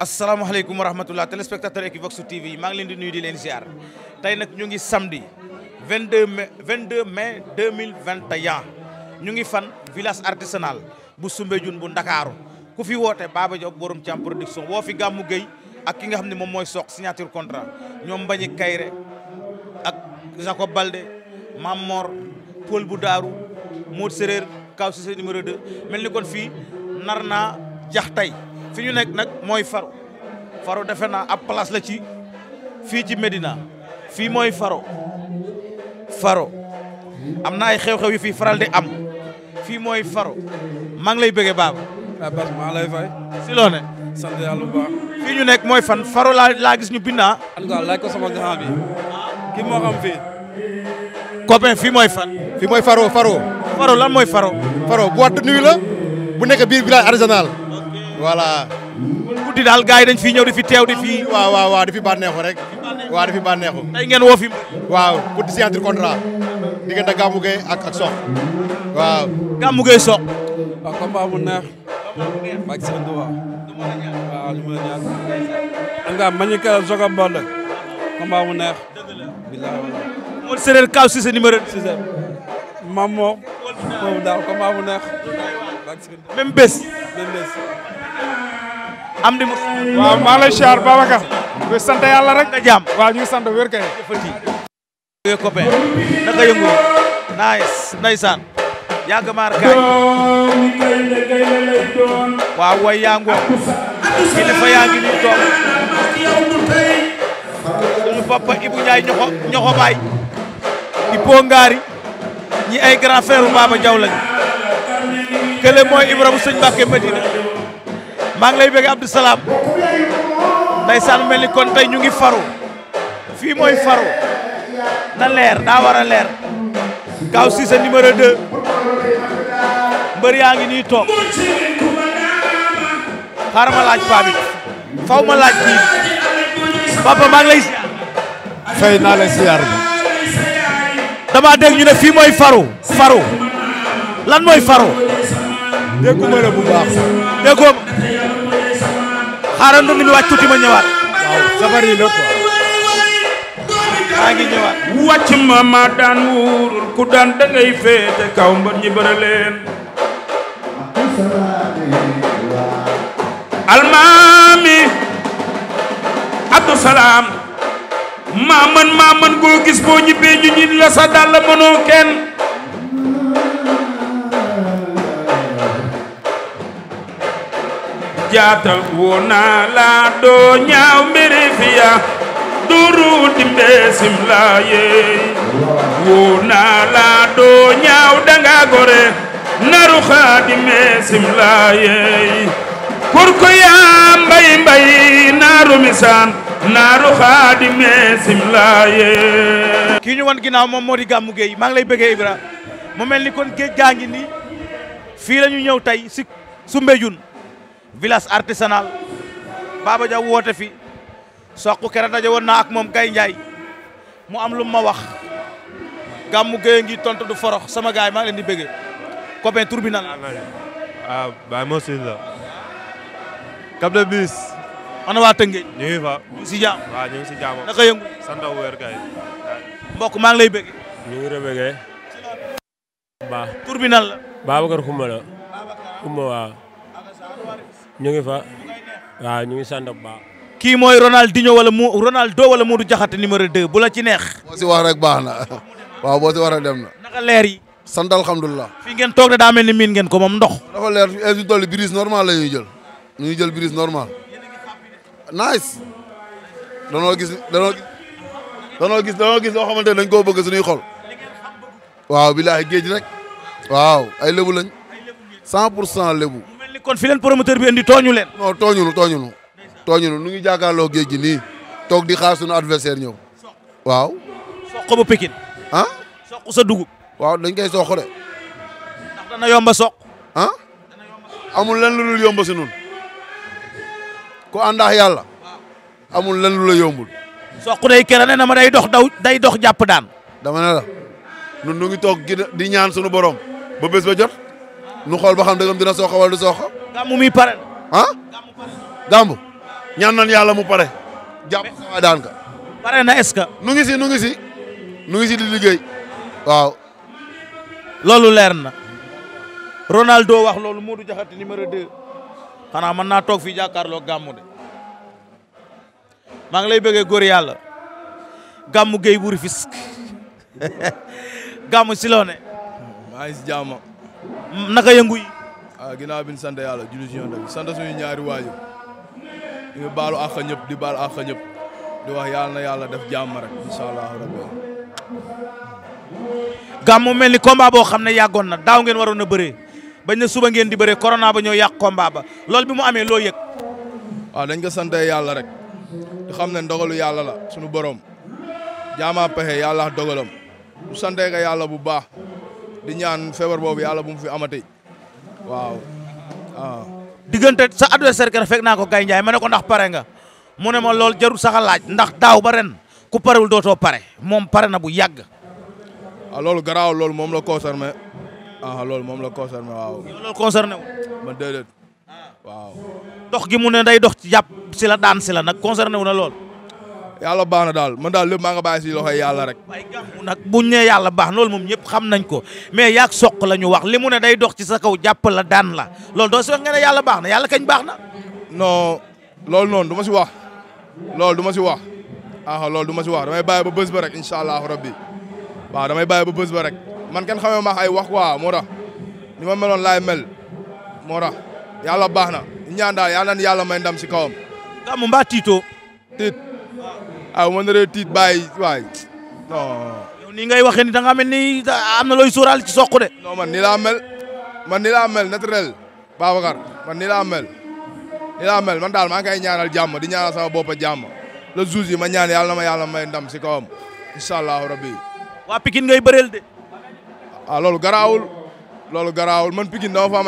asalaamaaleykum wa rahmatulah téléspectateur Equivox TV yi maa ngi nuy di nuyu di leen tey nag ñu ngi samedi 22 mai 22 mai 2021 ñu ngi fan village artisanal bu Soumbédioune bu Ndakaaru ku fi woote Baba Diop borom Thiam production woo fi Gamou Gueye ak ki nga xam ne moom mooy soq signature contrat ñoom Mbagnick kayre ak Jacob Balde Mam Mor bu Daaru Maud Séréer Kaw Cissé numéro 2 mel ni kon fii nar naa jax tey fi ñu nekk nag mooy faro faro defe naa ab place la ci fii ci medina fii mooy faro faro am na ay xew-xew yu fi faral di am fii mooy faro maa ngi lay bëggee baaba ah Bas si loo ne. sant yàlla ñu nekk mooy fan faro laa laa gis ñu bind ah. moo xam fii. copain fii mooy fan. fii mooy faro faro. faro lan mooy faro. faro bu wat nuyu bu nekk biir village artisanal. voilà. guddi daal gars yi dañ fi ñëw di fi teew di fi. waaw waaw waaw di fi rek. waaw di fi bànneexu. tey ngeen woo fi. waaw pour di signature contrat. diggante Gamou Gueye ak ak Sokh. waaw. Gamou Gueye Sokh. waaw ma la ma ñu neex. bilaa am di mu. waaw maa ngi lay siyaar Babacar. di rek. nga jàmm waaw ñu ngi sant wér kay. naka yëngu nice ndeysaan yàgg maar kaay waaw way yaa ngoo kilifa yaa ngi nii suñu papa Ibou ñoxo ñoxo baay ñi ay grand frère Baba Diaw lañu kële mooy Ibrahima sëñ Mbàkke Medina maa ngi lay bëgg Abdou Salam ndeysaan mel ni ko tey ñu ngi fii mooy faru na leer daa war a leer Gaaw Cissé numéro 2 mbër yaa ngi nii toog xaaral ma laaj faw ma laaj kii papa lay ziar. fay naa la dama dégg ñu ne fii mooy faru faru lan mooy faru. déggu ma la bu baax. déggoo xaaral ndox mi ñu wàcc tuuti ma ñëwaat. waaw sabar yi la quoi. ngi ñëwaat. wàcc ma ma daan wuurul ku daan da ngay féete kaw mbër ñi bëre leen. almaami Abdou Salam maa goo gis boo ñibbee ñu ñi la sa dàll mënoo kenn. jaatal woo naa laa doo ñaaw mbiri fiya duru dimbe sim laa woo naa laa doo ñaaw danga gore naru xaadime sim laa yeey kur ko yaa mbay mbay naaru misaan naaru xaadime sim laa yeey kii ñu wan ginnaaw moom moo di Gamou Gueye maa lay bëggee Ibra mu mel ni kon géej gaa ngi ni fii ñu ñëw tey si village artisanal Baba Diaw woote fi soq kera daje woon na ak moom Gaye Ndiaye mu am lu ma wax gàmmu Gueye ngi tontu du forox sama gaay maa ngi leen di bëggee copain tribunal ah Baye Moussa la Cap waa ngi si jàmm waaw ñu maa ngi lay ñu ngi fa waaw ñu ngi sant bu baax. kii mooy Ronaldinho wala mu Ronaldo wala Modou Diakhaté numéro 2 bu la ci neex. boo si wax rek baax na waaw boo si wax rek dem na. naka leer yi. sant alhamdulilah. fi ngeen toog de daa mel ni miin ngeen ko moom ndox. dafa leer fi ñu toll brise normal la ñuy jël ñu ngi jël brise normal nice danoo gis danoo gis danoo gis danoo gis loo xamante ne dañ koo bëgg suñuy xol waaw billaahi géej rek waaw ay lébu lañ sant pour cent lébu. kon fi leen promoteur bi indi tooñu leen. non tooñunu tooñunu tooñunu nu ngi jàkkaarloo géej gi nii toog di xaar suñu adversaire ñëw waaw. soq bu Pikine. ah soq sa dugub. waaw dañ koy soq de. ndax dana yomba soq. amul lenn lu dul yomb si nun ku ànd yàlla. amul len lu la yombul. soq day kera ne na ma day dox daw day dox jàpp daan. dama ne la nun nu ngi toog di ñaan sunu borom ba bés ba jot. nu xool ba xam dëggam dina sooxa wala du sooxa. gàmmu mi pare. ah gàmmu ñaan nan yàlla mu pare. jàpp sa waay pare na est nu ngi si nu ngi si nu ngi si di liggéey. waaw. loolu leer na. Ronaldo wax loolu Modou Diakhaté numéro 2. xanaa mën naa toog fii jàkkaarloo gàmmu de. maa ngi lay bëggee góor yàlla. gàmmu géy Bouri Fisk. gàmmu si loo naka yëngu yi. ah ginnaaw bi sant yàlla julli si yoon bi sant suñu ñaari waajur di baalu àq ñëpp di baalu àq ñëpp di wax yàlla na yàlla def jàmm rek incha allah rabbi. gàmmu mel ni combat boo xam ne yàggoon na daaw ngeen waroon a bëree bañ na suba ngeen di bëree corona ba ñoo yàq combat ba loolu bi mu amee loo yëg. a ah, dañ ko sant yàlla rek di xam ne ndogalu yàlla la suñu borom jaamaa pexe yàlla dogalam bu santee ko yàlla bu baax. di ñaan feebar boobu yàlla bu mu fi amati waaw waaw. diggante sa adversaire kër fekk naa ko Gaye Ndiaye ma ne ko ndax pare nga mu ne ma lool jarul sax ndax daaw ba ren ku parewul dootoo pare moom pare na bu yàgg. waaw ah, loolu garaw loolu moom la concerné a ah, loolu moom la concerné waaw. loolu ah. dox gi mu ne day dox ci jàpp si la daan si la nag concerné wu na lool. yàlla baax na daal ma daal lépp maa nga bàyyi si loxoy yàlla rek. waaye gàmmu nag buñ ne yàlla baax loolu moom ñëpp xam nañ ko mais yaag soq la ñu wax li mu ne day dox ci sa kaw jàpp la daan la loolu doo si wax nga ne yàlla baax na yàlla baax na. non loolu noonu du si wax loolu du ma si wax ah loolu du ma si wax damay bàyyi ba bës ba rek incha allah rabbi waaw damay bàyyi ba bës ba rek man kenn xamee ma ay wax quoi moo tax ni ma meloon la mel moo tax yàlla baax na ñaan daal yàlla na yàlla may ndam si kawam. gàmmu mbaa tiito tiit waaw ma naree tiit bàyyi waay ngay waxee ni da nga mel ni am na looy sóoraal ci soq de. non man nii laa mel man nii laa mel naturel Babacar man nii laa mel nii laa man daal maa ngi koy di ñaanal sama bopp jàmm yàlla na ma yàlla may si kawam incha allahu rabbi. waa Pikine ngay bëreel de. ah loolu man Pikine dama fa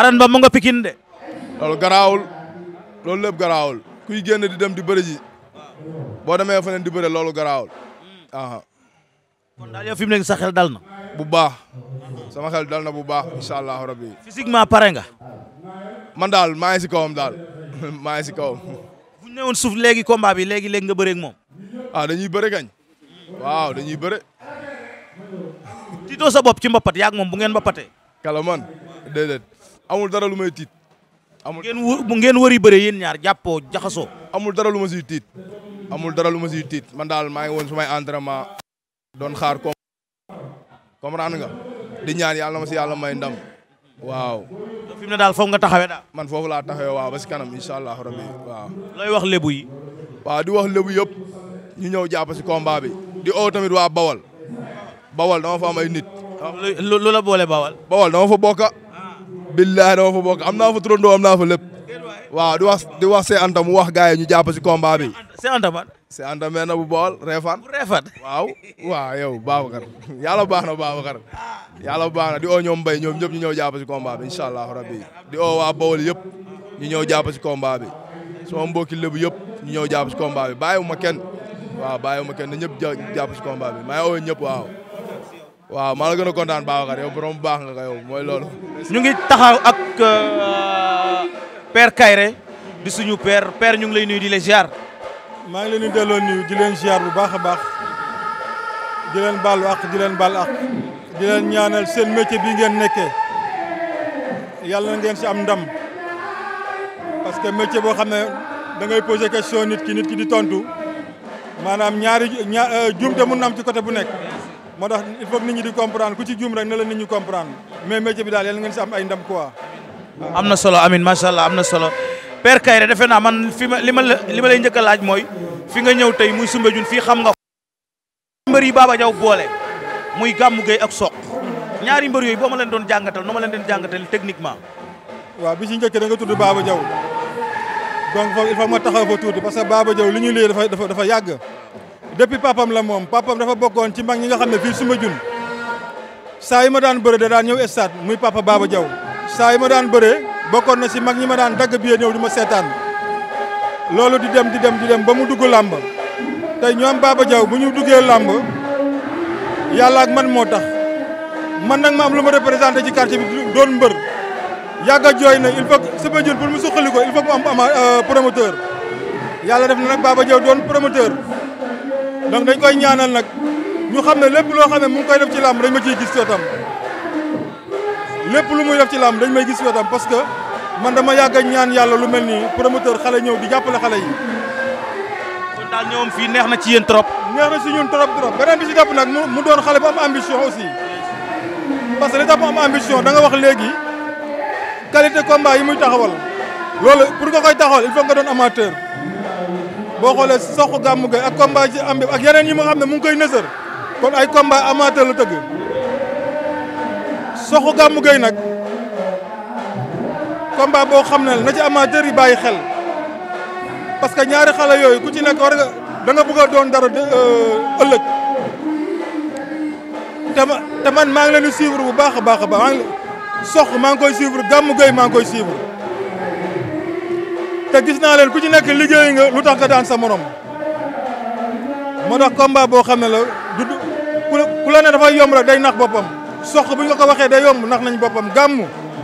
am de. loolu garaawul loolu kuy génn di dem di bëri ji boo demee feneen di bëri loolu garaawul. kon daal yow fi mu nekk sa xel dal na. bu baax sama xel dal na bu baax incha allahu rabi. physiquement pare nga. man daal maa ngi si kawam daal maa ngi si kawam. bu ñu newoon suuf léegi combat bi léegi léegi nga bëree ak moom. Ah, dañuy bëre gañ waaw dañuy bëre. tiitoo sa bopp ci mbapat yaa ak moom bu ngeen mbapatee. kala man déedéet amul dara lu may tiit. amul ngeen wë ngeen wëri bëre yéen ñaar jàppoo jaxasoo. amul dara lu ma siy tiit amul dara lu ma siy tiit man daal maa ngi woon sumay entraînement doon xaar ko comprendre di ñaan yàlla si yàlla may ndam waaw. fi mu daal foofu nga taxawee daal. man foofu laa taxawee waaw ba si kanam incha allahu rabi waaw. looy wax lébu yi. di wax lébu yëpp ñu ñëw jàpp si combat bi. di oo tamit waa Bawal. Bawal dama fa am ay nit. lu la boole Bawal. Bawal dama fa bokk. billahi dama fa bokk am naa fa turandoo am naa fa lépp waaw di wax di wax see anta mu wax gars yi ñu jàpp si combat bi. see anta man. see anta mel na bu bool reefan. bu reefan waaw. waaw yow Babacar yàlla baax na Babacar yàlla baax na di oo ñoom mbay ñoom ñëpp ñu ñëw jàpp si combat bi incha allahu rabbi di oo waa Bawol yëpp ñu ñëw jàpp si combat bi sama mbokki lébu yëpp ñu ñëw jàpp si combat bi bàyyiwuma kenn waaw bàyyiwuma kenn ñëpp jàpp si combat bi maa ngi oo ñëpp waaw. waaw maa la gën a kontaan Babacar yow borom baax nga ko yow mooy loolu. ñu ngi taxaw ak euh, père Kayre di suñu père père ñu ngi lay nuyu di la ziar. maa ngi leen di delloo nuyu di leen ziar bu baax a baax di leen baalu ak di leen baal ak di ñaanal seen métier bi ngeen nekkee yàlla na ngeen si am ndam parce que métier boo xam ne da ngay poser question nit ki nit ki di tontu maanaam ñaari ñaar euh, jumte mun na am ci côté bu nekk. moo tax il faut nit ñi di comprendre ku ci juum rek na nit ñi comprendre mais métier bi daal yàlla ngeen si am ay ndam quoi. am na solo Amine macha allah am na solo Père Kairé defe naa man fi ma li la li ma lay njëkk laaj mooy fi nga ñëw tey muy Soumbédioune fii xam nga. mbër yi Baba jaw boole muy Gamou Gueye ak Sokh ñaari mbër yooyu boo ma leen doon jàngatal no ma leen doon jàngatal techniquement. waaw bi ci njëkk da nga tudd Baba Diaw donc foofu il faut ma taxaw fa tuuti parce que Baba Diaw li ñu lii dafa dafa yàgg. depuis papam la moom papam dafa bokkoon ci mag ñi nga xam ne fii suma jun saa yi ma daan bëre da daan ñëw stade muy papa Baba Diaw saa yi ma daan bëre bokkoon na si mag ñi ma daan dagg biye ñëw di ma seetaan loolu di dem di dem di dem ba mu dugg làmb tey ñoom Baba Diaw bu ñu duggee làmb yàlla man moo tax man nag ma am lu ma représenté ci quartier bi doon mbër yàgga jooy na il faut suma jun pour mu suqali ko il faut mu am euh, promoteur yàlla def na nag Baba Diaw doon promoteur donc dañ koy ñaanal nag ñu xam ne lépp loo xam ne mu ngi koy def ci làmb dañ ma ciy gis wetam lépp lu muy def ci làmb dañ may gis wetam parce que man dama yàgg a ñaan yàlla lu mel nii promoteur xale ñëw di jàppale xale yi. kon daal ñoom fii neex na ci yéen trop. neex na ci ñun trop trop beneen bi si jàpp nag mu doon xale bu am ambition aussi parce que li tax mu am ambition da nga wax léegi qualité combat yi muy taxawal. loolu pour nga koy taxawal il faut boo xoolee soxu gàmmu gay ak combat ci am ak yeneen yi ma xam ne mu ngi koy nësër kon ay combat amateur la tëgg soxu gàmmu gay nag combat boo xam ne na ci amateur yi bàyyi xel parce que ñaari xale yooyu ku ci nekk war nga da nga bëgg doon dara euh, ëllëg te man maa ngi leen di bu baax a baax a baax sox maa ngi koy suivre gàmmu gay maa ngi koy suivre te gis naa leen ku ci nekk liggéey nga lu tax nga daan sa morom moo tax combat boo xam ne la du ku la ne dafay yomb la day nax boppam sox bu ñu ko waxee day yomb nax nañ boppam gàmm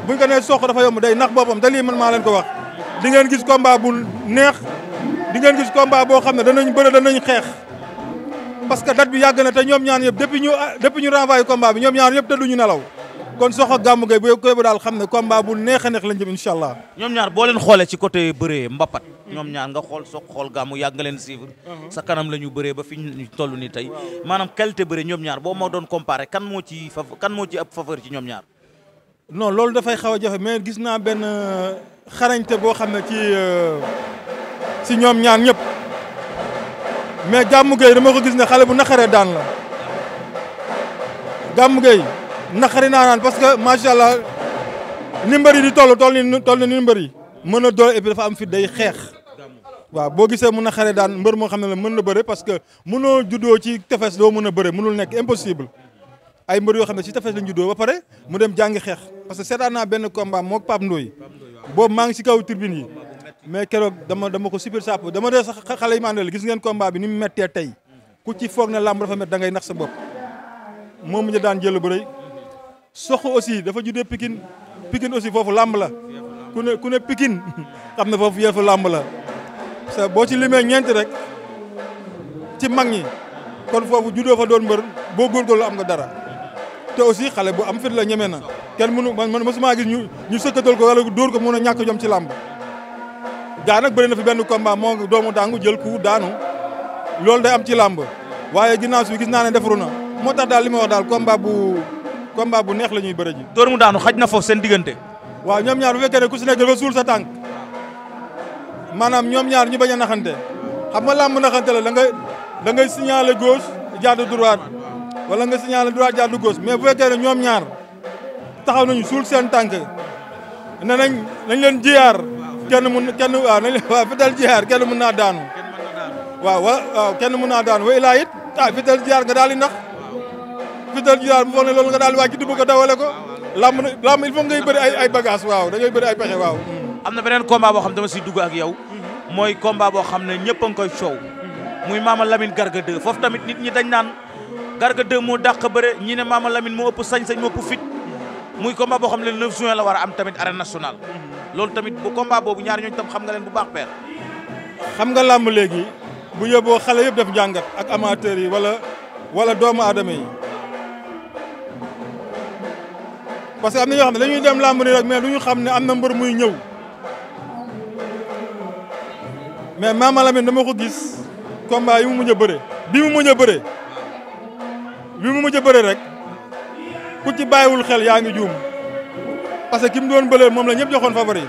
bu ñu ko nee sox dafa yomb day nax boppam te lii man maa leen ko wax. di ngeen gis combat bu neex di ngeen gis combat boo xam ne danañ bëre danañ xeex parce que date bi yàgg na te ñoom ñaar yëpp depuis ñu depuis ñu renvoyé combat bi ñoom ñaar yëpp te duñu nelaw. kon soxo gàmmu gay bu koy daal xam ne combat bu neex a neex lañ jëm incha allah. ñoom ñaar boo leen xoolee ci côté bëree mbapat ñoom ñaar nga xool sox xool gàmmu yàgg nga leen suivre uh-huh. sa kanam la ñu bëree ba fi ñu toll nii tey maanaam qualité bëree ñoom ñaar boo moo doon comparé kan moo ci fa kan moo ci ab faveur ci ñoom ñaar non loolu dafay xaw a jafe mais gis naa benn euh, xarañte boo xam ne ci si euh, ñoom ñaar ñëpp mais gàmmu gay dama ko gis ne xale bu naqaree daan la gàmmu gay naqari naa naan parce que macha allah ni mbër yi di toll toll ni toll ni mbër yi mën a doole et puis dafa am fit day xeex. waaw boo gisee mën a xare daan mbër moo xam ne la mën na bëre parce que mënoo juddoo ci tefes doo mën a bëre mënul nekk impossible ay mbër yoo xam ne ci tefes lañ juddoo ba pare mu dem jàngi xeex parce que seetaan naa benn combat moo Pape Ndoye boobu maa ngi ci kaw turbine yi mais keroog dama dama ko super sàpp dama dee sax xale yi ma gis ngeen combat bi ni mu méttee tey ku ci foog ne làmb dafa mett da ngay nax sa bopp moom mu ñu daan jël bu rëy sox aussi dafa juddee pikin Pikine aussi foofu làmb la ku ne ku ne Pikine xam ne foofu yëfu làmb la sa boo ci limee ñeenti rek ci mag ñi kon foofu juddoo fa doon mbër boo góorgóorlu am nga dara te aussi xale bu am fit la ñeme na kenn mënu man man mosuma gis ñu ñu sëkkatal ko wala dóor ko mun a ñàkk jom ci làmb daa nag bëri na fi benn combat moo doomu daangu jël ku daanu loolu day am ci làmb waaye ginnaaw si gis naa ne defaru na moo tax daal li daal combat bu combat bu neex la ñuy bëre ji. dóor mu daanu xaj na foofu seen diggante. waaw ñoom ñaar bu fekkee ne ku si nekk suul sa tànk maanaam ñoom ñaar ñu bañ a naxante xam nga làmb naxante la da ngay da ngay signaler gauche jàddu droite wala nga signaler droite jàddu gauche mais bu fekkee ne ñoom ñaar taxaw nañu suul seen tànk ne nañ nañ leen jiyaar kenn mun kenn waaw nañ leen waaw fital jiyaar kenn mun naa daanu. waaw waaw kenn mun naa daanu wa ilaa it ah fital jiyaar nga daal Peter Diar mu wax ne loolu nga daal wàcc di bëgg a dawale ko lamb lamb il faut ngay bëri ay ay waaw da bëri ay pexe waaw am na beneen combat boo xam ne ñëpp a ngi koy coow muy Mama Lamine Garga 2 foofu tamit nit ñi dañ naan Garga 2 moo dàq bëre ñi ne Mama Lamine moo ëpp sañ-sañ moo ëpp fit muy combat boo xam ne le 9 juin la war a am tamit arène nationale loolu tamit bu combat boobu ñaar ñooñu tam xam nga leen bu baax père xam nga làmb léegi bu yóbboo xale yëpp def njàngat ak amateurs yi wala wala doomu aadama yi parce que am na ñoo xam ne dañuy dem làmb nii rek mais du ñu xam ne am na mbër muy ñëw mais Mama Lamine dama ko gis combat yi mu mujj a bëre bi mu mujj a bëre bi mu mujj a bëre rek ku ci bàyyiwul xel yaa ngi juum parce que ki mu doon bëleel moom la ñëpp joxoon favori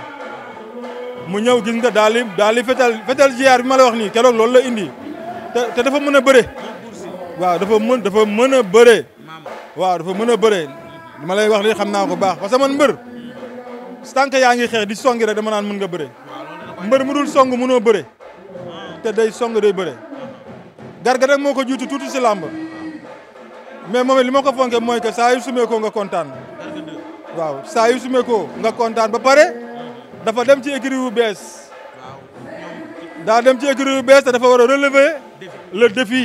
mu ñëw gis nga daal di daal di fetal fetal jiyaar bi ma la wax nii keroog loolu la indi te dafa mën a bëre waaw dafa mën dafa mën a bëre waaw dafa mën a bëre li ma lay wax li xam naa ko baax parce que man mbër tant yaa ngi xeex di songi dama naan mën nga bëre mbër mu dul song mënoo bëre te day song day bëre garga moo ko juutu tuuti si làmb mais moom li ma ko fonkee mooy que saa yu sumee ko nga kontaan waaw saa yu sumee ko nga kontaan ba pare dafa dem ci écurie bees daa dem ci écurie yu bees te dafa war a relever le défi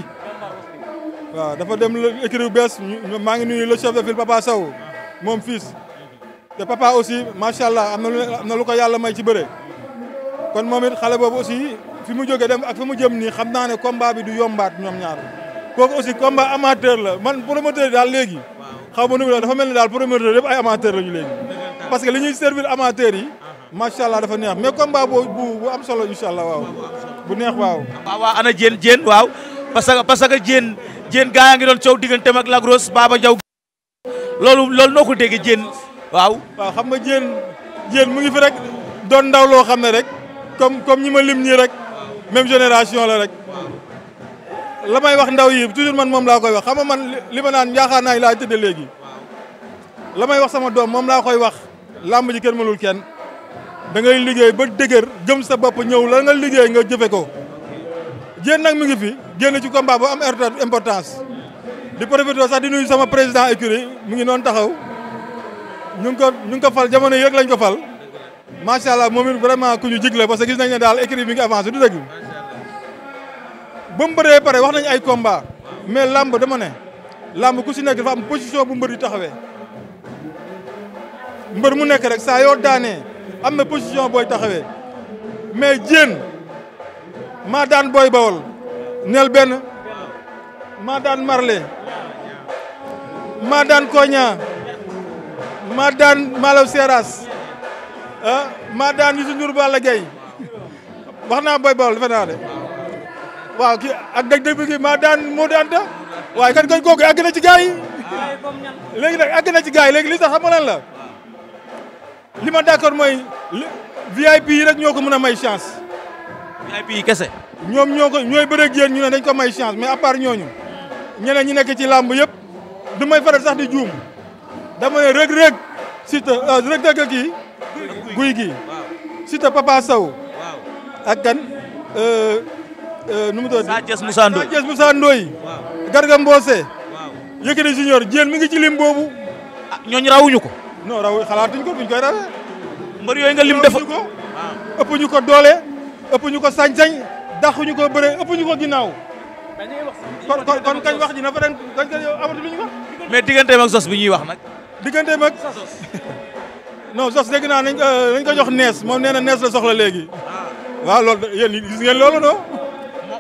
waaw dafa dem écurie yu bees maa ngi nuyu la chef de file Papa Sow moom fiis te papa aussi macha allah am na lu am ko yàlla may ci bëre kon moom it xale boobu aussi fi mu jógee dem ak fi mu jëm nii xam naa ne combat bi du yombaat ñoom ñaar kooku aussi combat amateur la man promoteur yi daal léegi. xaw ma nu mu dafa mel ni daal promoteur yëpp ay amateur la ñu léegi. parce que li ñuy servir amateur yi. macha allah dafa neex mais combat boobu bu bu am solo incha allah waaw. bu neex waaw. waaw waaw ana jéen jéen waaw parce que parce que jéen jéen gaa yaa ngi doon coow digganteem ak Lac Rose Baba Diaw. loolu loolu noo ko déggee jéen waaw. waaw xam nga jéen jéen mu ngi fi rek doon ndaw loo xam ne rek comme comme ñi ma lim nii rek même génération la rek la may wax ndaw yi toujours man moom laa koy wax xam nga man li ma naan njaaxaan laa tëddee léegi la may wax sama doom moom laa koy wax làmb ji kenn mënul kenn da ngay liggéey ba dëgër gëm sa bopp ñëw la nga liggéey nga jëfe ko jéen nag mu ngi fi génn ci combat bu am importance. di profité sax di nuy sama président écurie mu ngi noonu taxaw ñu ngi ko ñu ngi fal jamono yëg lañ ko fal macha allah moom it vraiment ku ñu jig la parce que gis nañ ne daal écurie bi ngi avancé du dëgg. ba mu bëree pare wax nañ ay combat mais làmb dama ne làmb ku si nekk dafa am position bu mbër di taxawee mbër mu nekk rek saa yoo daanee am na position booy taxawee mais jéen maa daan booy bawol nel benn maa daan marle maa daan Koña maa daan Malaw Seras ah maa daan Youssou Ndour Balla Gaye wax naa Boy Baol defe naa de waaw kii ak dëgg-dëgg gi maa daan moo daan da waaye kan koñ kooku àgg na ci gars yi léegi nag àgg na ci gars yi li tax la li ma d'accord mooy VIP yi rek ñoo ko mën a may chance. VIP yi kese. ñoom ñoo ko ñooy bëreeg yéen ñu ne dañ ko may chance mais à part ñooñu ñeneen ñi nekk ci làmb yëpp. du may faral sax di juum dama ne Reug Reug Siteu euh, Reug Reug kii guy gi Siteu Papa saw ak kan euh, euh, nu mu doon Sa Thiès Moussa Ndoye Sa Thiès Moussa Ndoye Garga Mbossé Yékini Junior Diène mi ngi ci lim boobu ah, ñooñu rawuñu ko non raw xalaatuñ ko duñ koy rawee mbër yooyu nga lim defa ko ëpp ñu ko doole ëpp ñu ko sañ-sañ ñu ko bëre ëpp ñu ko ginnaaw kon kon kon kañ wax ji na fa ren dañ ko yow amatu ñu wax. mais digganteem ak sos bi ñuy wax nag. digganteem ak sos. non sos dégg naa nañ ko ko jox nees moom nee na nees la soxla léegi. Ah. waaw lool yéen gis ngeen loolu non.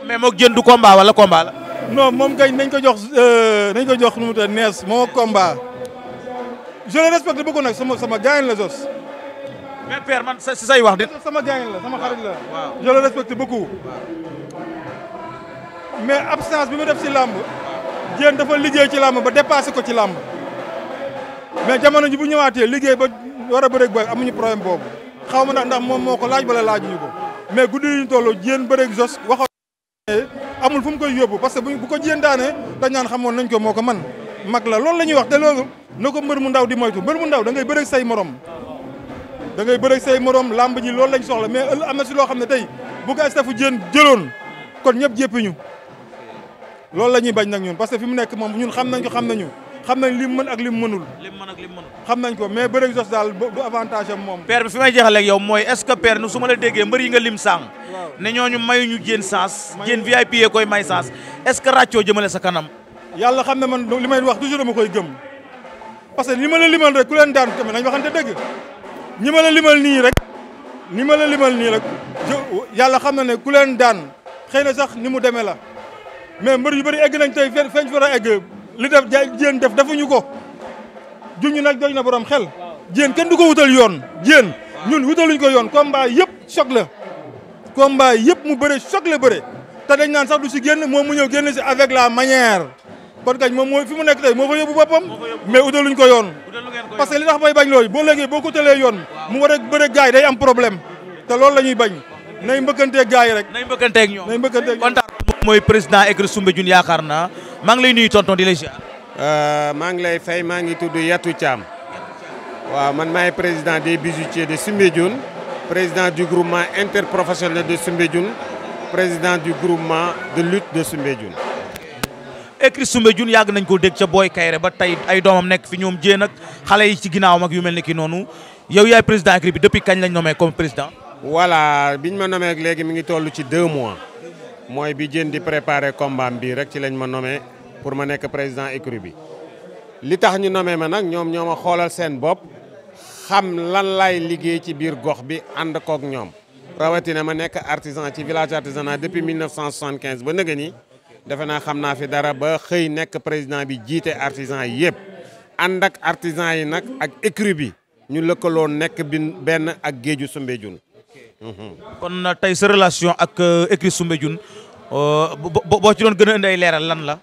mais moo jën du combat wala combat la. non moom kañ nañ ko jox euh, nañ ko jox nu mu tudd nees moo combat. nag sama sama gaañ la sos. mais père man si say wax de. sama gaañ la sama xarit la. waaw je le respecte mais absence bi mu def ci làmb Diène dafa liggéey ci làmb ba dépassé ko ci làmb mais jamono ji bu ñëwaatee liggéey ba war a bëreeg booy amuñu problème boobu xaw ma ndax ndax moom moo ko laaj wala laajuñu ko mais guddi yi ñu toll Diène bëreeg Zoss waxoon amul fu mu koy yóbbu parce que bu ko Diène daanee dañ naan xamoon nañ ko moo ko man mag la loolu la ñuy wax te loolu na ko mbër mu ndaw di moytu mbër mu ndaw da ngay bëreeg say moroom da ngay bëreeg say moroom làmb ji loolu lañ soxla mais ëll am na si loo xam ne tey bu ko stafu Diène jëloon kon ñëpp jéppiñu loolu la ñuy bañ nag ñun parce que fi mu nekk moom ñun xam nañ ko xam nañu xam nañ lim mën ak lim mënul. lim mën ak lim mënul. xam nañ ko mais bëreeg Zoss daal du avantage am moom. père bi fi may jeexaleeg yow mooy est ce que père nu su ma la déggee nga lim sànq. ne ñooñu mayuñu jéen sens. jéen VIP yee koy may sens est ce que ràccoo jëmale sa kanam. yàlla xam ne man li may wax toujours dama koy gëm parce que ni ma la limal rek ku leen daan tamit nañ waxante dëgg ñi ma la a nii rek ni ma la limal nii rek yàlla xam na ne ku leen daan xëy na sax ni mu demee la mais mbër yu bëri egg nañ tey feeñ feeñ fa egg li def jéen def defuñu ko juñu nag doy na borom xel. jéen kenn du ko wutal yoon jéen ñun wutaluñ ko yoon combat yëpp choc la. combat yëpp mu bëre choc la bëre te dañ naan sax du si génn moom mu ñëw génn si avec la manière kon kañ moom mooy fi mu nekk tey moo fa yóbbu boppam. mais utaluñ ko yoon. parce que li tax bay bañ looyu boo léegi boo ko tëlee yoon. mu war a bëre gaay day am problème te loolu la ñuy bañ. nay mbëkkanteeg gaay rek. nay mbëkkanteeg ñoom nay mbëkkanteeg mooy président Aigri Soumbédioune yaakaar naa maa ngi lay nuyu tonton di lay ziar. Euh, maa ngi lay fay maa ngi tudd Yatou Thiam. waaw man maay président des bijoutiers de Soumbédioune président du groupement interprofessionnel de Soumbédioune président du groupement de lutte de Soumbédioune. Aigri Soumbédioune yàgg nañ ko dégg ca booy Kayre ba tey ay doomam nekk fi ñoom jéen nag xale yi ci ginnaaw mag yu mel ni ki noonu yow yaay président Aigri bi depuis kañ lañ nommé comme président. voilà biñ ma nommé léegi mi ngi toll ci deux mois. mooy bi jën di préparer combat bi rek ci lañ ma nommé pour ma nekk président écurie bi li tax ñu nommé ma nag ñoom ñoo ma xoolal seen bopp xam lan laay liggéey ci biir gox bi ànd kook ñoom rawatina ma nekk artisan ci village artisanat depuis 1975 ba nëga ni defe naa xam naa fi dara ba xëy nekk président bi jiite artisan yi yëpp ànd ak artisan yi nag ak écurie bi ñu lëkkaloon nekk bi benn ak géeju Soumbédioune kon euh, tey sa relation ak euh, écurie Soumbédioune euh, boo ci doon gën a indi ay leeral lan la.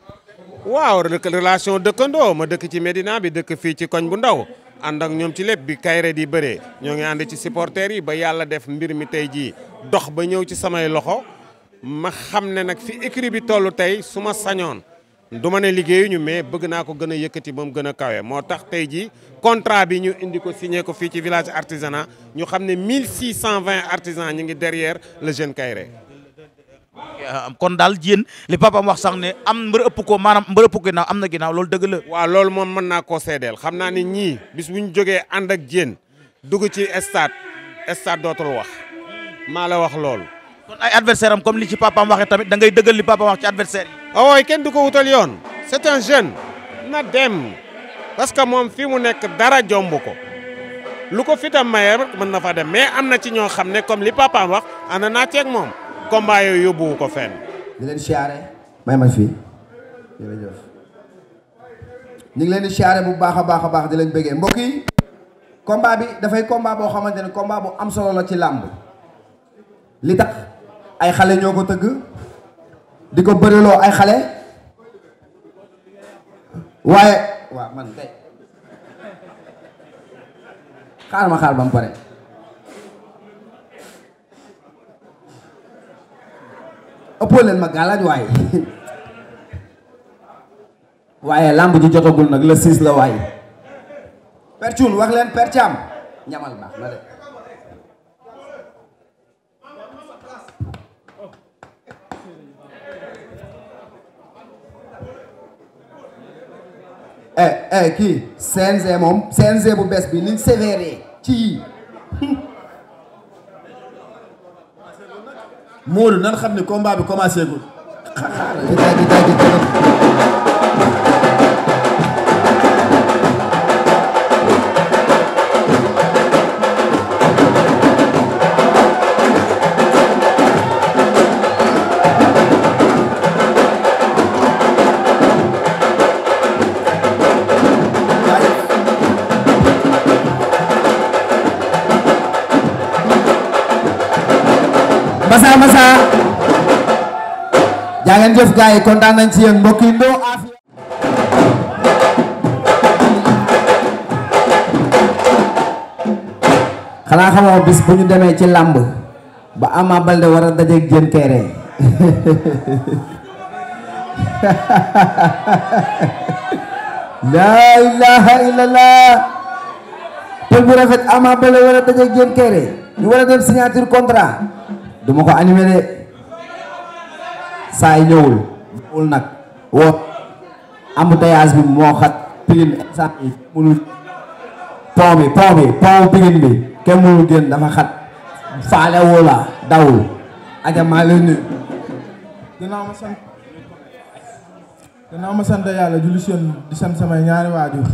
waaw relation dëkkandoo ma dëkk ci Medina bi dëkk fii ci koñ bu ndaw ànd ak ñoom ci lépp bi kayre di bëree ñoo ngi ànd ci supporters yi ba yàlla def mbir mi tey jii dox ba ñëw ci samay loxo ma xam ne nag fi écurie bi toll tey su ma sañoon. du ma ne liggéeyuñu mais bëgg naa ko gën a yëkkati ba mu gën a kawe moo tax tey jii contrat bi ñu indi ko signé ko fii ci village artisanat ñu xam ne 1620 artisans ñu ngi derrière le jeune kayre euh, kon daal jiyén li papaam wax sax ne am mbër ëpp ko maanaam mbër ëpp ko ginnaaw am na ginaaw loolu dëgg la. waa lool moom mën naa koo seedeel xam naa ne ñii bis bu ñu jógee ànd ak jiyén dugg ci stade stade dootul wax maa la wax loolu. ay adversaire am comme li ci papaam waxee awooy ah kenn du ko wutal yoon c'est un jeune na dem parce que moom fi mu nekk dara jomb ko lu ko fitam maye mën na fa dem mais am na ci ñoo xam ne comme li papaam wax ànd naa ceeg moom combat yooyu ko fenn leen siyaare may ma fii jërëjëf ñu ngi leen di siyaare bu baax a baax a baax di leen bëggee mbokk yi combat bi dafay combat boo xamante ne combat bu am solo la ci làmb li tax ay xale ñoo ko tëgg di ko bëriloo ay xale waaye waaw man tey xaar ma xaar ba mu pare ëppoo leen ma gàllaaj waaye waaye làmb ji jotagul nag le six la waaye percun wax leen percaam ñamal baax na de eh, eh kii CNG moom CNG bu bees bi niñ sévère ci yii hm. Modou nan xam ni combat bi commencé gul. Kër Massar jëf gars yi kontaan nañ ci yéen mbokk xanaa xamoo bis bu ñu demee ci làmb ba Ama Balde war a dajeeg Diène Kairé laa ilaha illallah pël bu rafet Ama Balde war a dajeeg ñu war a def contrat du ma ko animé de saa yi ñëwul ñëwul nag woot embouteillage bi moo xat Pikine instant yi mënul pont bi kenn mënul dafa xat faale woo la dawul aja maa leen nuyu ginnaaw ma sant ginnaaw ma sant yàlla julli seen di sant samay ñaari waajur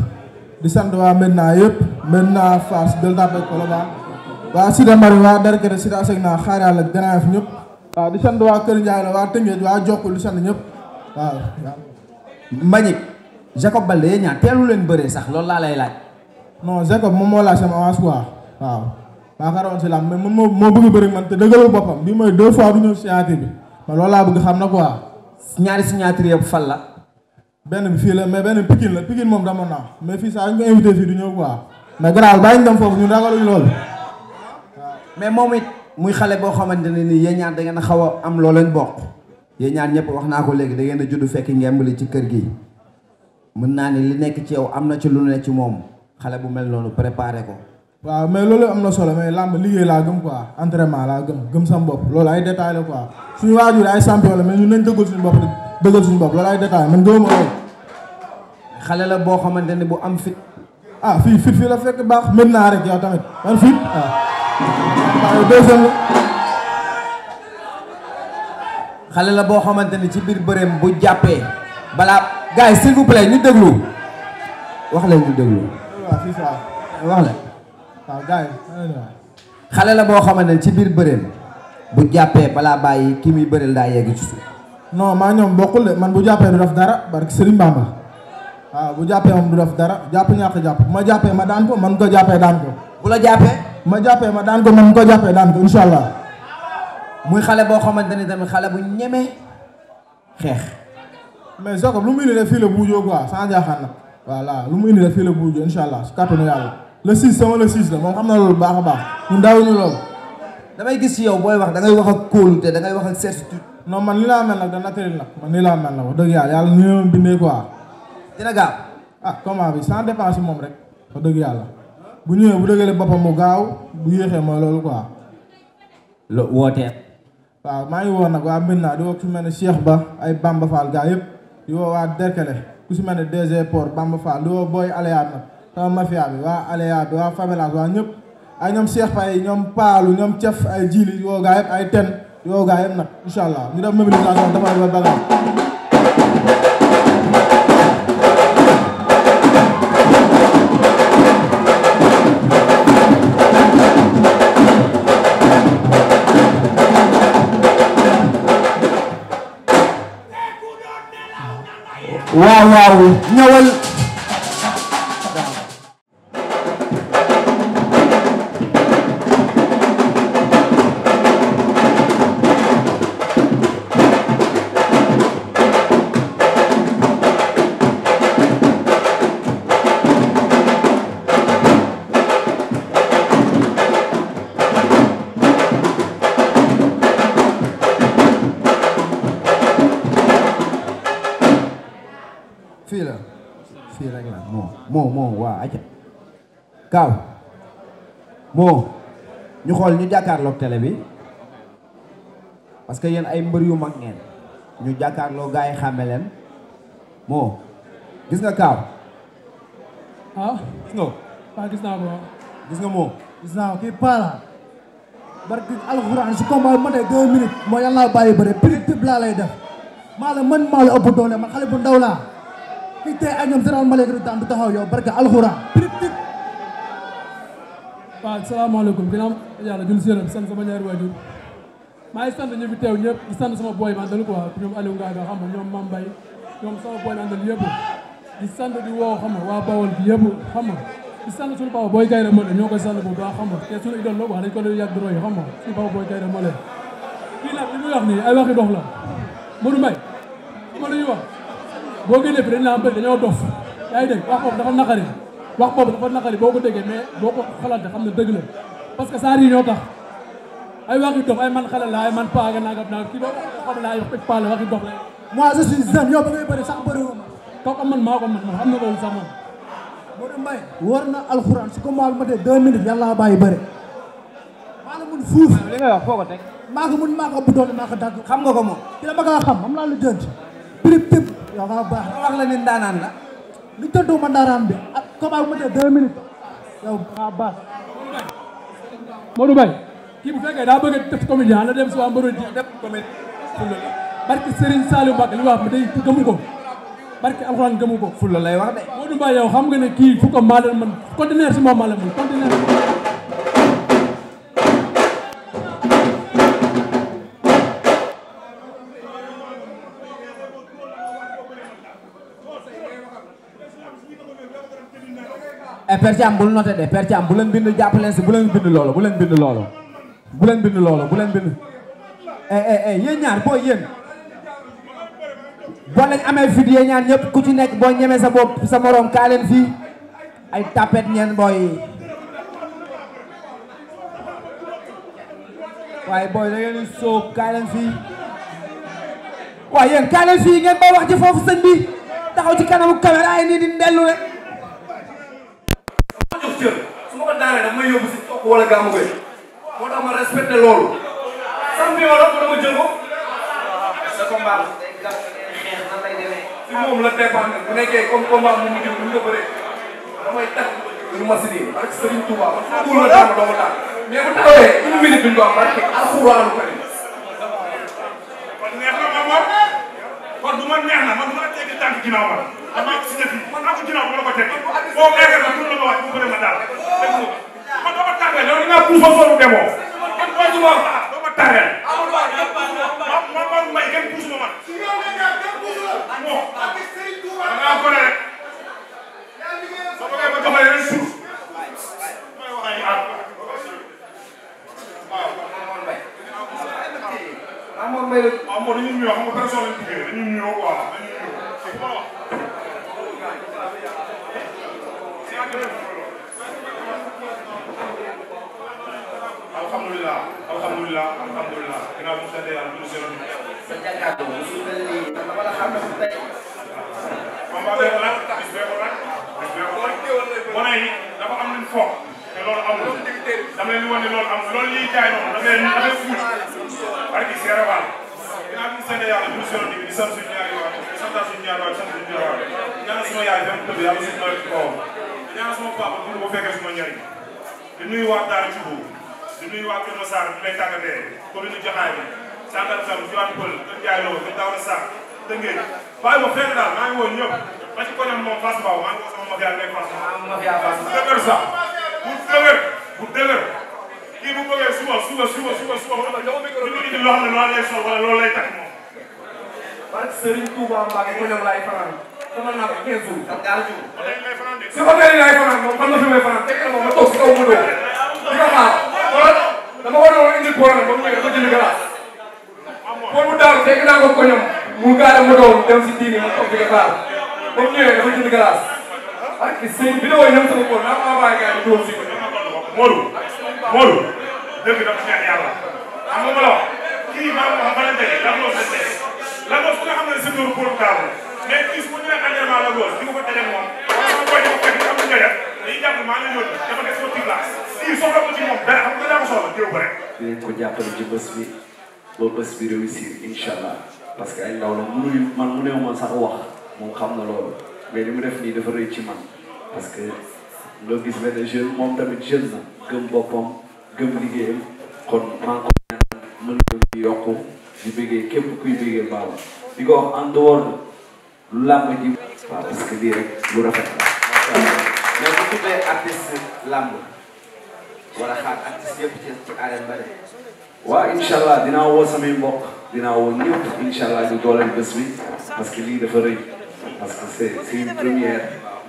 di sant waa Medina yëpp Medina Fass Gueule Tapée Colobane waa Cité Mari waa Darkete Cité Asegna xaar yàlla gànnaay fi ñëpp. waaw di sant waa Kër Ndiaye la waa Tëngéej waa Jokkul di ñëpp waaw. Mbagnick Jacob Balde yéen teelu leen bëree sax loolu laa lay laaj. non Jacob moom moo laaj sama avance quoi waaw. yaakaaroon si laam mais moom bëri man te dëggalul boppam bi mooy deux fois du ñëw signature bi man xam na quoi. ñaari signature yëpp fan la. benn bi fii la mais benn Pikine la Pikine moom dama naa mais fii saa ñu ko invité fii foofu ñun ragaluñ loolu. mais moom it muy xale boo xamante ne nii yéen ñaar da ngeen a xaw a am loo leen bokk yéen ñaar ñëpp wax naa ko léegi da ngeen a judd fekk ngemb li ci kër gi mën naa ni li nekk ci yow am na ci lu ne ci moom xale bu mel noonu préparé ko. waaw mais loolu am na solo mais làmb liggéey laa gëm quoi entraînement laa gëm gëm sam bopp loolu ay détails la quoi suñu waajur ay champion la mais ñun nañ dëggal suñu bopp dëggal suñu bopp loolu ay détails man gëmuma loolu. xale la boo xamante ne bu am fit. ah fii fit fii baax mën rek yow tamit man xale la boo xamante ni ci biir bëreem bu jàppee balaa gars yi s'il ñu déglu wax leen ñu déglu. waaw c'est la boo xamante ni ci biir bëreem bu jàppee balaa bàyyi kii muy bëreel daa yegg ci suuf. non maa ñoom bokkul de man bu jàppee du def dara bari Serigne Bamba waaw bu jàppee moom du def dara jàpp ñàkk jàpp bu ma jàppee ma daan ko man ko jàppee daan ko. bu la jàppee. ma jàppee ma daan ko man mu ko jàppee daan ko incha allah. muy xale boo xamante ni tamit xale bu ñeme xeex. mais Jacob lu mu indi rek fii la buujoo quoi sans jaaxaan nag voilà lu mu indi rek fii la buujoo incha allah su kàttanu yàlla. le 6 sama le 6 la moom xam na loolu baax a baax ñun daawuñu loolu. damay gis ci yow booy wax da ngay wax ak kóolute da ngay wax ak certitude. non man ni laa mel na da naturel nag man ni laa mel nag wax dëgg yàlla yàlla ni ma bindee quoi. dina gaaw. ah comment bi sans moom rek dëgg yàlla. bu ñëwee bu dëgëlee boppam mu gaaw bu yéexee mooy loolu quoi. lo maa ngi woo nag waa Mbirna di woo ku mel ne Cheikh Ba ay Bamba Fall gaa yëpp di woo waa Derkele ku si mel ne DG Port Bamba Fall di woo booy Aléa nag sama mafia bi waa Aléa waa Famelas waa ñëpp ay ñoom Cheikh Faye ñoom Paalu ñoom Cef ay Jili yoo gaa yëpp ay Ten di woo gaa yëpp nag incha allah ñu def mobilisation dafa ba bagage. waaw waaw ñëwal gaaw bon ñu xool ñu jàkkaarloog tele bi parce que yéen ay mbër yu mag ngeen ñu jàkkaarloo gaa yi xàmme leen moo gis nga kaaw ah gis nga waaw ah, gis naa ko gis nga moo gis naa ko kii paala barki alxuraan su moo yàlla naa laa lay def maa la man maa la ëpp doole man xale bu ndaw laa kii tey ak ñoom général Malick du taxaw yow barki alxuraan prix waaw salaamaaleykum ginnaaw yàlla jul si yéen sant sama ñaari waajur maa ngi sant ñu fi teew ñëpp di sant sama booy mandal quoi ñoom Aliou Ngaga xam nga ñoom Mame Mbaye ñoom sama booy mandal yëpp di di woo xam nga waa Bawol bi yëpp xam nga di sant booy Gaynde Mole ñoo ko sant bu baax xam nga te suñu idol la ko doon yàgg di roy xam nga suñu papa booy Gaynde Mole kii nag li muy wax nii ay waxi dox la Modou Mbaye ma la ñuy wax boo génnee fi dañ laa bëri dañoo dof yaa wax boobu dafa naqari boo ko déggee mais boo ko xalaatee xam ne dëgg la parce que saar yi ñoo tax ay waxi dof ay man xale la ay man paaga nangam nangam kii boo xam ne ay wax paa la waxi dof la. moi je suis jeune ba ngay sax bëriwul ma. kooku man na loolu sax moom. Modou Mbaye war na alxuraan su ko maa bi matee deux minutes yàlla naa maa la mun fuuf. mun maa bu doole maa ko dagg xam nga ko moom. ki la bëgg a xam am naa lu jënd. prix prix yow maa baax wax la ni ndaanaan la. li tëddu ma ndaraam bi ak combat bu ma tee deux minutes yow waa baax Modou Mbaye kii bu fekkee daa bëgg def comédien ah, la dem si waa mbëru ji def comédie fulla la barke Serigne Saliou Mbacke li wax ma day gëmu ko barke alxuraan gëmu ko fulla lay wax de Modou Mbaye yow xam nga ne kii fu ko maa leen mën conteneur et eh, Père Thiam bul noté de Père Thiam bu leen bind jàpp leen si bu leen bind loolu bu leen bind loolu bu leen bind loolu bu leen bind eh, eh, yéen ñaar booy yéen boo leen amee fit yéen ñaar ñëpp ku ci nekk boo ñemee sa bopp sa moroom kaa leen fii ay tapet ñeen booy waaye booy da ngeen di sóob kaa leen fii waaye yéen kaa leen fii ngeen ba wax ci foofu sëñ bi taxaw ci kanamu caméra yi nii di ndellu rek cër su ma a daanee daf may yóbbu si toog wala gàmmu gay moo tax ma respecté loolu sam bi ma doon ko dama jël ko sa si moom la dépendre bu nekkee comme combat mu mujj bu ñu ko bëree damay tax ñu machine yi ak Serigne ma daan ma doomu daan mais bu tawee une minute duñ ko am barke alxuraanu karim kon neex na ma moom kon du damaa ko signé fii man amul ginnaaw ma ko teg boo nekkee ma tur la ma wax bu bëri ma daal dégg nga man doo ma tàngee loolu nga pour fa solu demoo man boo ci wax doo ma tàngee man man may kenn puus ma man non da ngaa ko rek soo bëggee ma jox la yeneen suuf may wax ay at Amour Mbaye Amour dañuy nuyoo xam nga personne lañ diggee dañuy nuyoo quoi dañuy nuyoo kàddu yu mel nii man dama la xam ne su tey. moom baax na lan bis bee ko lan. bis bee ko lan wane yi dafa am luñ foog. te loolu amul dama leen di wane loolu amul loolu liy jaay noonu dama leen dama leen fuut. parce que Seera Fall. dinaa fi sant yàlla bi émission bi di sant suñu ñaari waat di sant suñu ñaari waat di sant suñu ñaari waat. ñaanal sama yaay dem tëdd yàlla suñu nawet bi kawam. ñaanal sama papa pour ko fekkee sama njëriñ. di nuyu waa Daara Diouf di nuyu waa Kër Massar bi lay tàggatee commune Diakhaay bi Sangal Sam Diouane Pël Kër Ndiaye Lo Kër Daouda Sarr Tëngéej bàyyi ma fenn daal maa ngi woon ñëpp ba ci koñam moom Fass Mbaw maa ngi woon sama mafia bi nekk Fass Mbaw bu dëgër sax bu dëgër bu dëgër kii bu bëggee suba suba suba suba suba suba ñu indi loo xam ne loolu lay sol wala loolu lay takk moom barke Serigne Touba Mbacke ko ñoom laay fanaan sama naa ko 15 jours ak daal jours su ko mel ni laay fanaan moom xam na fi may fanaan fekk na moom ma toog si kaw mu doon di ko xaar dama waroon indi problème ba mu ñëwee dafa jënd glace moom mu daal fekk naa ko koñam mu gaare motoom dem si diini ma toog di ko xaar ba mu ñëwee dafa jënd glace ak sëñ bi da wooy ñam sama koon naa ko envoyé gars yi doon si Modou Modou dëgg dafa neex yàlla xam nga ma la wax kii maa ngi wax bala tege lan loo tege lan loo fu nga xam ne si loolu pour taamu mais gis mu ne engagement la lool di ko ko tege moom sama koy dafa fekk am nga def dañuy jàpp maa ngi yónni dafa def ko ci glace kii soxla ko ci moom dara xam nga daa ko soxla jéew ko rek ko jàppale ci bés bi ba bés bi réussir allah parce que ay ndaw la mënuñu man ma sax wax moom xam na loolu mais li mu def nii dafa ci man parce que loo gis benn jeune moom tamit jeune na gëm boppam gëm liggéeyam kon maa ngi mën di yokku di bëggee képp kuy bëggee baaba di ko wax en dehors lu làmb ji waaw parce que lii rek lu rafet la mais bu tuddee artiste làmb wala xaar artiste yëpp ci arène ba waaw incha allah dinaa woo samay mbokk dinaa woo ñëpp incha allah ñu dooleel bés bi parce que lii dafa rëy parce que c'est si une première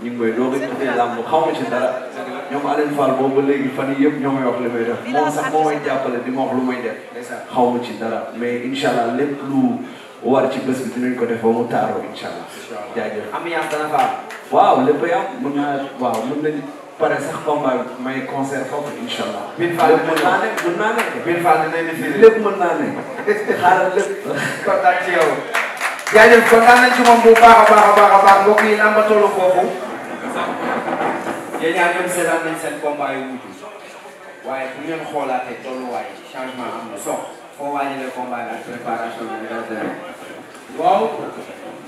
ñu ngi koy doog a tuddee làmb xaw ma ci dara ñoom Alioune Fall boobu ba léegi fan yii yëpp ñoo may wax li may def moo may jàppale di ma wax lu may def xaw ma ci dara mais incha allah lépp lu war ci bés bi ko def ba mu taaroo incha allah. jaajëf am na dana fa waaw lépp yam mën naa waaw mën pare sax combat may concert foofu incha allah. mën naa ne mën naa ne. mille fois dinañ fi lépp mën naa ne. xaaral lépp. kontaan ci yow. jaajëf kontaan nañ ci moom bu baax a baax a baax a baax mbokk yi làmb tollu foofu. yéen ñaar ñoom seetaan nañ seen combat yu mujj waaye bu ngeen xoolaatee tolluwaay changement am na sox foo waajale combat ak préparation bi nga def. waaw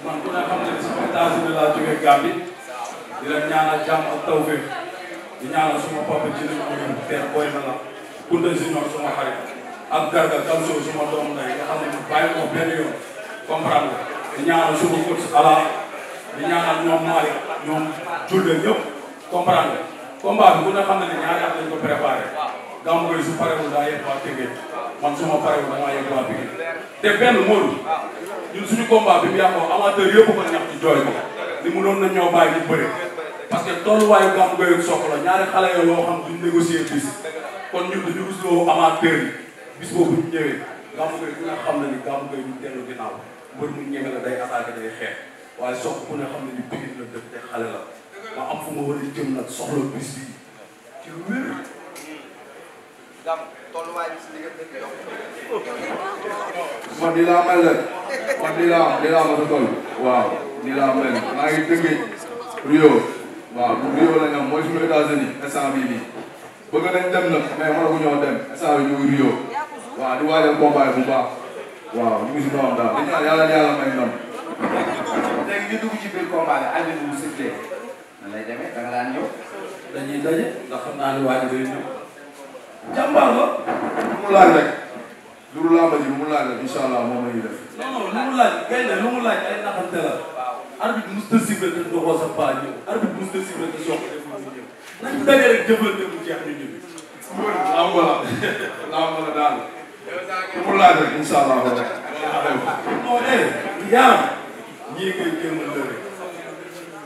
man ku ne xam ne si états-unis laa jógee Gambie di leen ñaanal jàmm ak tawféex di ñaanal suma papa ci li mu mën père booy na la Kounda Junior suma xarit ak Garga Kalso suma doom ndey nga xam ne mu bàyyi ko benn yoon comprendre nga di ñaanal suma coach ala di ñaanal ñoom Malick ñoom Julde ñëpp comprendre nga combat bi ku ne xam na ne ñaari at lañ ko préparé Gamou Gueye su parewul daa yegg waa Tëngéej man suma parewul damaa yegg waa Pikine te benn Modou ñun suñu combat bi mu yàqoo amateur yëpp ko ñax ci jooy ko ni mu doon na ñoo bàyyi ñu bëri parce que tolluwaayu gàmm gayu soxla ñaari xale yoo yoo xam duñ négocier bis kon ñun dañu rusloo amateur yi bis boobu ñu ñëwee gàmm gay ku ne xam na ni gàmm gay ñu dellu ginnaaw mbër mu ñeme la day attaqué day xeex waaye sox ku ne xam na ni bëggit la def te xale la ma am fu ma war a jëm nag soxla bis bi ci lu wér gàmm tolluwaay bi si diggante man di laa mel la man di laa di laa ma sa toll waaw di laa mel maa ngi dëggee Rio waaw Rio la ñu am mooy suñu États-Unis instant bii nii bëgg nañ dem nag mais mënaguñoo dem instant bii ñu ngi Rio waaw di waajal combat bu baax waaw ñu ngi si doon daal dañu naan yàlla yàlla may ndam. léegi ñu dugg ci biir combat bi àddina bu sifflé nan lay demee da nga daan ñëw. dañuy daje ndax xam naa ne waa ji day ñëw. jàmbaar la. lu mu laaj rek. lu mu laaj rek incha allah moom la ñuy def. non non lu mu laaj kay ne lu mu laaj ay naxante la. arbitre mos na sifflé te doxoo sa paa ñëw arbitre mos na sifflé te soog a def lu mu ñëw nañu daje rek jëflante mu jeex ñu ñëw. lamb la lamb la daal. ku mu laaj rek incha allah. non eh yaa ñii ngay jéem a lëre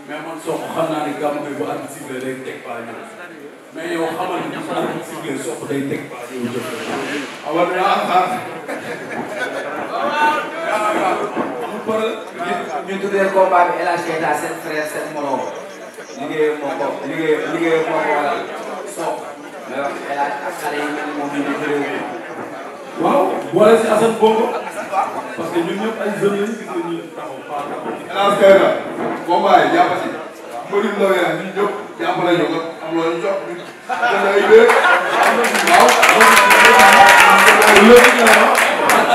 mais man soog xam naa ne gàmm bi bu arbitre sifflé day teg paa ñëw mais yow xamal ni bu arbitre sifflé soog day teg paa ñëw jëflante. awa bi yaa xaar. ñu tuddee combat bi El Hadj Keita seen frère seen morom liggéey moo ko liggéey liggéey moo ko waral soog mais wax El Hadj ak xale yi moom ñu ngi réew waaw boole si Assane Bongo parce que ñun ñëpp ay jeunes lañu gis nañu taxaw faa El Hadj Keita combat yi jàpp si mbërum ndaw yi ñu ñëpp jàpp nañu ko am loo ñu jox ñu dañ lay dégg am na waaw loolu la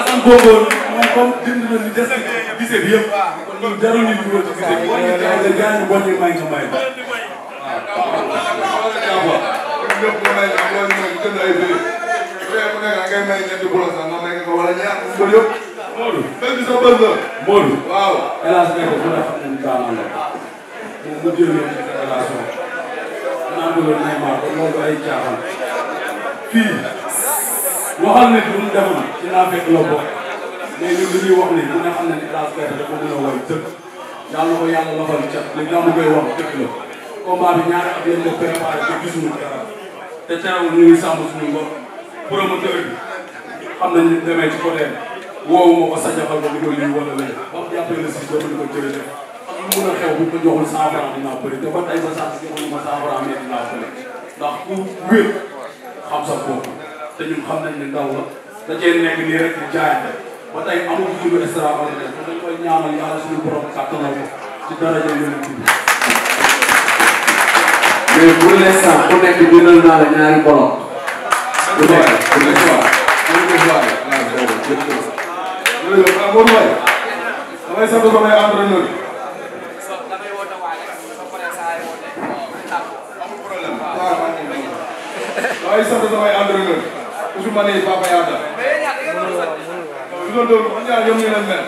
Assane Bongo moom comme bind na li des gisee bi yëpp kon ñu jarul ñu dugal ci gisee bi. waaw ñu may nga may. Modou. waaw hélas nekk ku ne xam ne daanaka moom mu jël loolu ci relation naan ko loolu may maa ko loolu ay caaxaan fii waxal nit bu mu defoon ci naa fekk la bokk mais ñun li ñuy wax nii ku ne xam na ne El Hadj Penda dafa mën a woy dëkk yàlla na ko yàlla lafal cat li nga mu koy wax dëkk la combat bi ñaari at yéen la préparé te gisuñu dara te teewul ñu ngi sàmm suñu bopp promoteur bi xam nañ ni demee ci côté woowu ma ko sa jafal ba di ko lii wala lay ba mu jàppee le six dootu di ko jëlee ak lu mun a xew bu ko joxul cent franc dinaa bëri te ba tey ba sax si joxul ma cent franc mais dinaa bëri ndax ku wér xam sa bopp te ñun xam nañ ne ndaw la da cee nekk nii rek di jaayante ba tey amul jiw extraordinaire kon dañ koy ñaanal yàlla suñu borom kàttanal ko ci daraja yonent bi. mais pour l'instant ku nekk bindal naa la ñaari bolok. bu nekk bu nekk waaw. bu nekk waaw waaw waaye sant samay entraîneur Ousmane Papa Yada góorgóorlu man yàlla yomb ñu leen mel.